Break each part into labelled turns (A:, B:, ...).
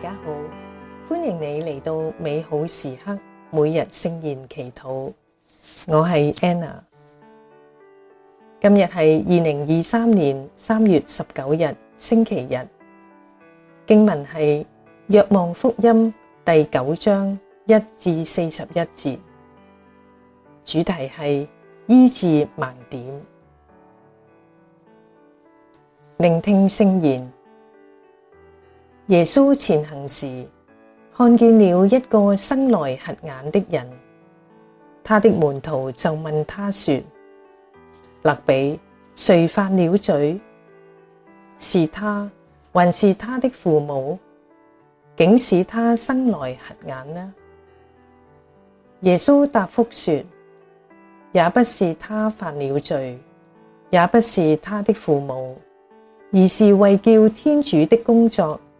A: 大家好，歡迎你嚟到美好時刻每日聖言祈禱。我係 Anna，今日係二零二三年三月十九日星期日。經文係《若望福音》第九章一至四十一節，主題係醫治盲點，聆聽聖言。耶穌前行時，看見了一個生來瞎眼的人。他的門徒就問他說：辣彼，誰犯了罪？是他，還是他的父母？竟使他生來瞎眼呢？耶穌答覆說：也不是他犯了罪，也不是他的父母，而是為叫天主的工作。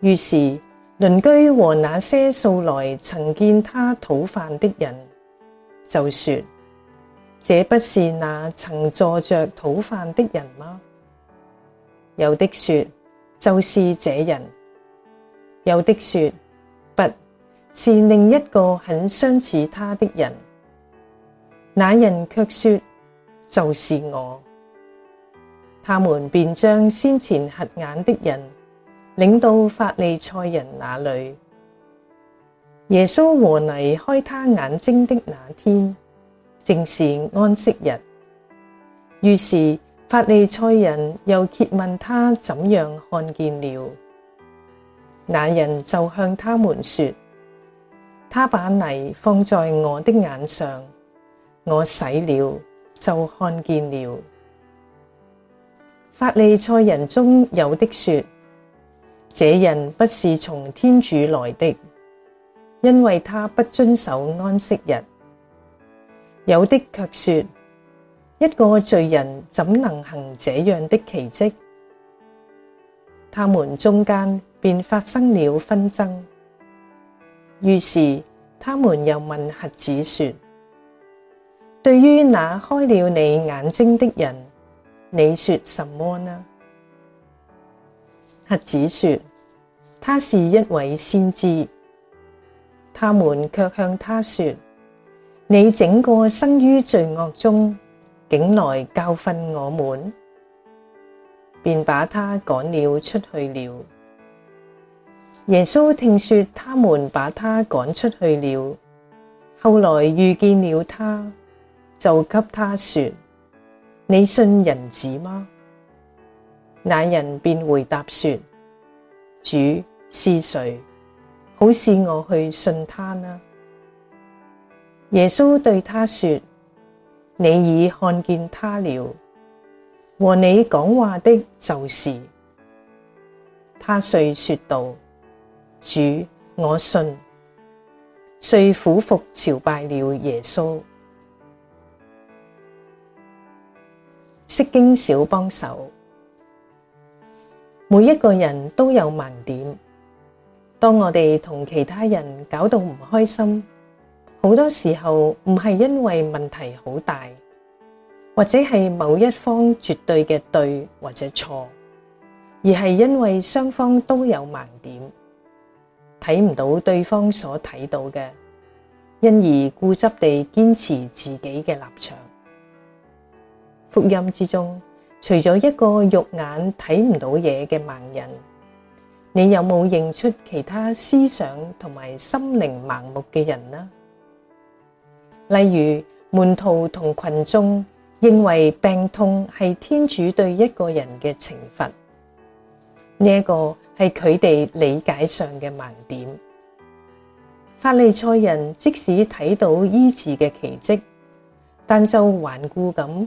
A: 於是鄰居和那些素來曾見他討飯的人就說：這不是那曾坐着討飯的人嗎？有的說就是這人，有的說不，是另一個很相似他的人。那人却說就是我。他們便將先前瞎眼的人，領到法利賽人那裏，耶穌和泥開他眼睛的那天，正是安息日。於是法利賽人又詰問他怎樣看見了。那人就向他們說：他把泥放在我的眼上，我洗了，就看見了。法利賽人中有的說，這人不是從天主來的，因為他不遵守安息日。有的卻說，一個罪人怎能行這樣的奇跡？他們中間便發生了紛爭。於是他們又問瞎子說：對於那開了你眼睛的人，你說什麼呢？瞎子說，他是一位先知。他們却向他說：你整個生於罪惡中，竟來教訓我們？便把他趕了出去了。耶穌聽說他們把他趕出去了，後來遇見了他，就給他說：你信人子嗎？那人便回答說：主是誰？好使我去信他啦。耶穌對他說：你已看見他了，和你講話的就是。他遂說道：主，我信。遂俯伏朝拜了耶穌。釋經小幫手。每一個人都有盲點，當我哋同其他人搞到唔開心，好多時候唔係因為問題好大，或者係某一方絕對嘅對或者錯，而係因為雙方都有盲點，睇唔到對方所睇到嘅，因而固執地堅持自己嘅立場。福音之中。除咗一個肉眼睇唔到嘢嘅盲人，你有冇認出其他思想同埋心靈盲目嘅人呢？例如門徒同群眾認為病痛係天主對一個人嘅懲罰，呢一個係佢哋理解上嘅盲點。法利賽人即使睇到醫治嘅奇跡，但就頑固咁。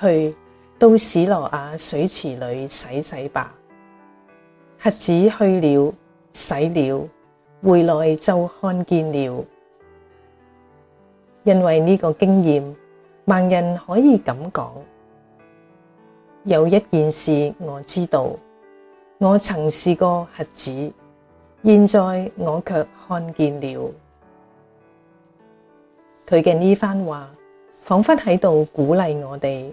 A: 去，到史羅亞水池裏洗洗吧，瞎子去了洗了，回來就看見了。因為呢個經驗，盲人可以咁講，有一件事我知道，我曾試過瞎子，現在我卻看見了。佢嘅呢番話，仿佛喺度鼓勵我哋。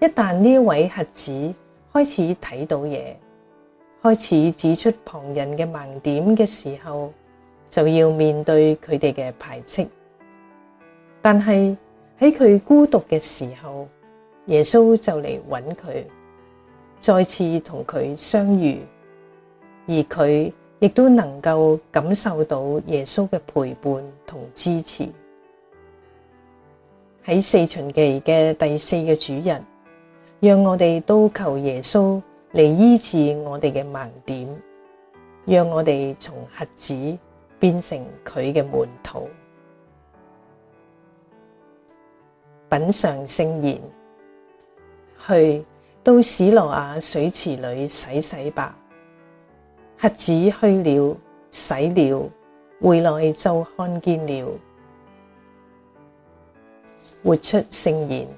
A: 一旦呢一位瞎子開始睇到嘢，開始指出旁人嘅盲點嘅時候，就要面對佢哋嘅排斥。但係喺佢孤獨嘅時候，耶穌就嚟揾佢，再次同佢相遇，而佢亦都能夠感受到耶穌嘅陪伴同支持。喺四旬期嘅第四嘅主日。讓我哋都求耶穌嚟醫治我哋嘅盲點，讓我哋從瞎子變成佢嘅門徒。品嚐聖言，去到史羅亞水池裏洗洗吧。瞎子去了洗了，回來就看見了。活出聖言。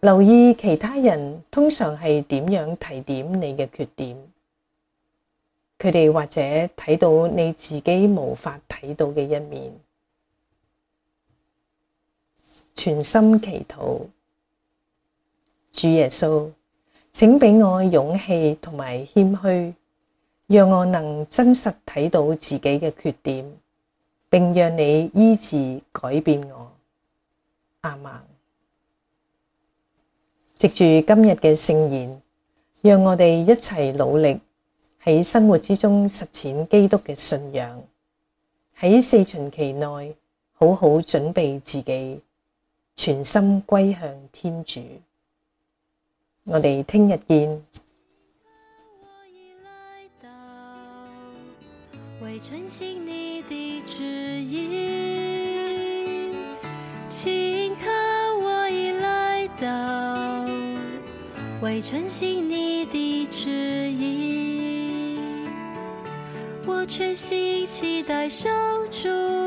A: 留意其他人通常係點樣提點你嘅缺點，佢哋或者睇到你自己無法睇到嘅一面。全心祈禱，主耶穌，請畀我勇氣同埋謙虛，讓我能真實睇到自己嘅缺點，並讓你醫治改變我。阿門。藉住今日嘅聖言，讓我哋一齊努力喺生活之中實踐基督嘅信仰，喺四旬期內好好準備自己，全心歸向天主。我哋聽日見。誠心你的旨意，我全心期待守住。